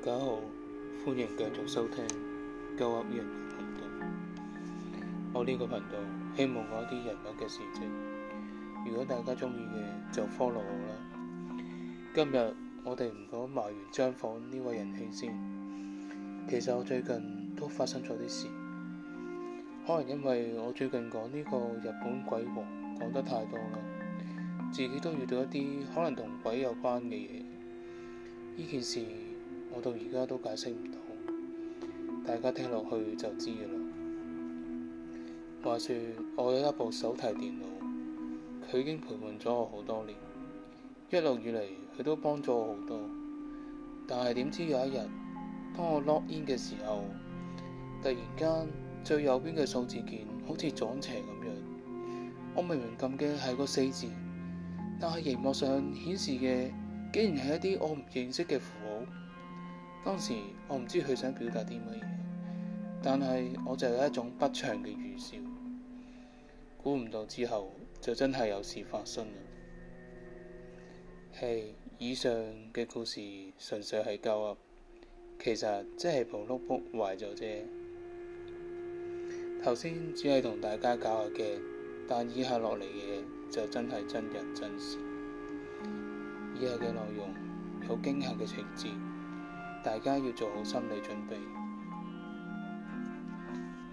大家好，歡迎繼續收聽《9UP_ian》頻道。我呢個頻道希望講一啲人物嘅事跡，如果大家中意嘅就 follow 我啦。今日我哋唔講埋完張房呢位人兄仁兄先。其實我最近都發生咗啲事，可能因為我最近講呢個日本鬼王講得太多啦，自己都遇到一啲可能同鬼有關嘅嘢。呢件事，我到而家都解釋唔到，大家聽落去就知㗎啦。話説我有一部手提電腦，佢已經陪伴咗我好多年，一路以嚟佢都幫咗我好多。但係點知有一日，當我 log in 嘅時候，突然間最右邊嘅數字鍵好似撞邪咁樣，我明明撳嘅係個四字，但係熒幕上顯示嘅竟然係一啲我唔認識嘅符。當時我唔知佢想表達啲乜嘢，但係我就有一種不祥嘅預兆。估唔到之後就真係有事發生啦。係以上嘅故事純粹係教下，其實即係部 notebook 壞咗啫。頭先只係同大家搞下嘅，但以下落嚟嘅就真係真人真事。以下嘅內容有驚嚇嘅情節。大家要做好心理準備。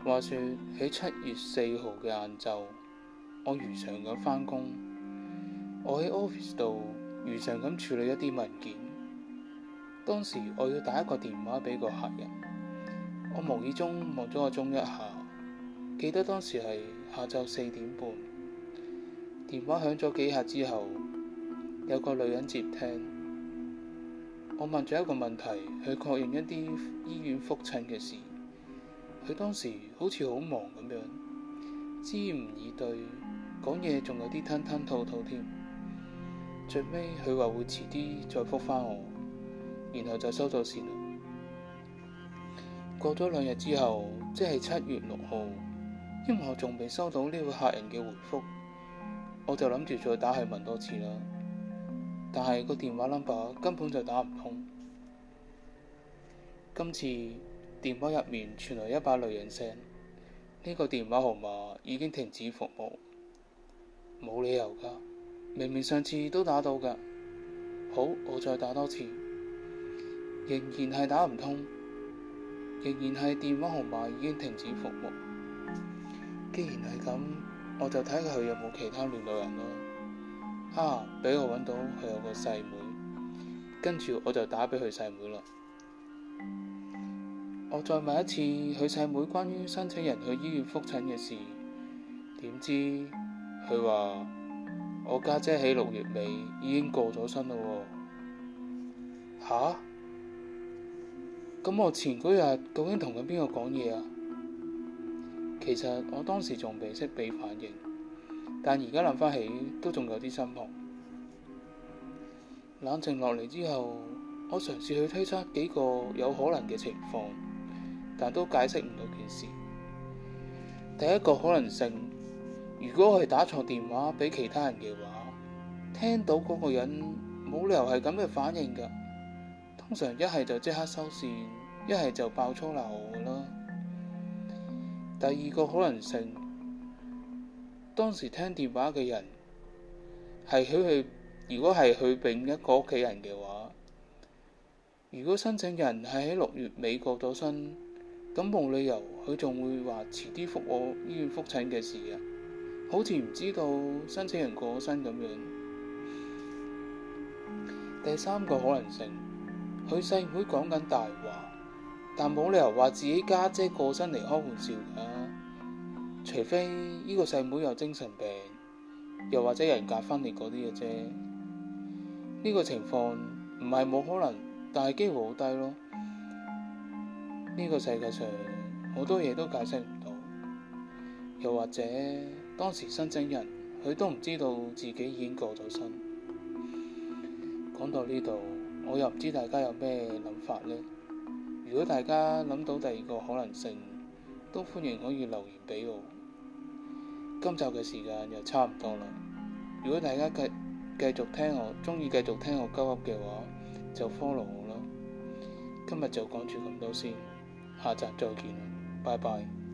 話說喺七月四號嘅晏晝，我如常咁返工，我喺 office 度如常咁處理一啲文件。當時我要打一個電話畀個客人，我無意中望咗個鐘一下，記得當時係下晝四點半。電話響咗幾下之後，有個女人接聽。我問咗一個問題，去確認一啲醫院複診嘅事。佢當時好似好忙咁樣，支吾以對，講嘢仲有啲吞吞吐吐添。最尾佢話會遲啲再覆翻我，然後就收咗線啦。過咗兩日之後，即係七月六號，因為我仲未收到呢個客人嘅回覆，我就諗住再打去問多次啦。但係個電話 number 根本就打唔通。今次電話入面傳來一把女人聲，呢個電話號碼已經停止服務。冇理由噶，明明上次都打到噶。好，我再打多次，仍然係打唔通，仍然係電話號碼已經停止服務。既然係咁，我就睇下佢有冇其他聯絡人咯。啊！俾我揾到佢有個細妹，妹，跟住我就打俾佢細妹啦。我再問一次佢細妹，妹關於申請人去醫院複診嘅事，點知佢話我家姐喺六月尾已經過咗身咯，哦。吓？咁我前嗰日究竟同緊邊個講嘢啊？其實我當時仲未識俾反應。但而家諗翻起都仲有啲心痛。冷靜落嚟之後，我嘗試去推測幾個有可能嘅情況，但都解釋唔到件事。第一個可能性，如果我係打錯電話俾其他人嘅話，聽到嗰個人冇理由係咁嘅反應噶。通常一係就即刻收線，一係就爆粗鬧我啦。第二個可能性。當時聽電話嘅人係佢去，去，如果係佢另一個屋企人嘅話，如果申請人喺六月尾過咗身，咁冇理由佢仲會話遲啲覆我醫院覆診嘅事啊，好似唔知道申請人過咗身咁樣。第三個可能性，佢細妹講緊大話，但冇理由話自己家姐，姐過身嚟開玩笑㗎。除非呢、這個細妹，妹有精神病，又或者人格分裂嗰啲嘅啫。呢、這個情況唔係冇可能，但係機會好低咯。呢、這個世界上好多嘢都解釋唔到，又或者當時申請人佢都唔知道自己已經過咗身。講到呢度，我又唔知大家有咩諗法呢？如果大家諗到第二個可能性，都歡迎可以留言俾我。今集嘅時間又差唔多啦，如果大家繼繼續聽我，中意繼續聽我鳩噏嘅話，就 follow 我咯。今日就講住咁多先，下集再見啦，拜拜。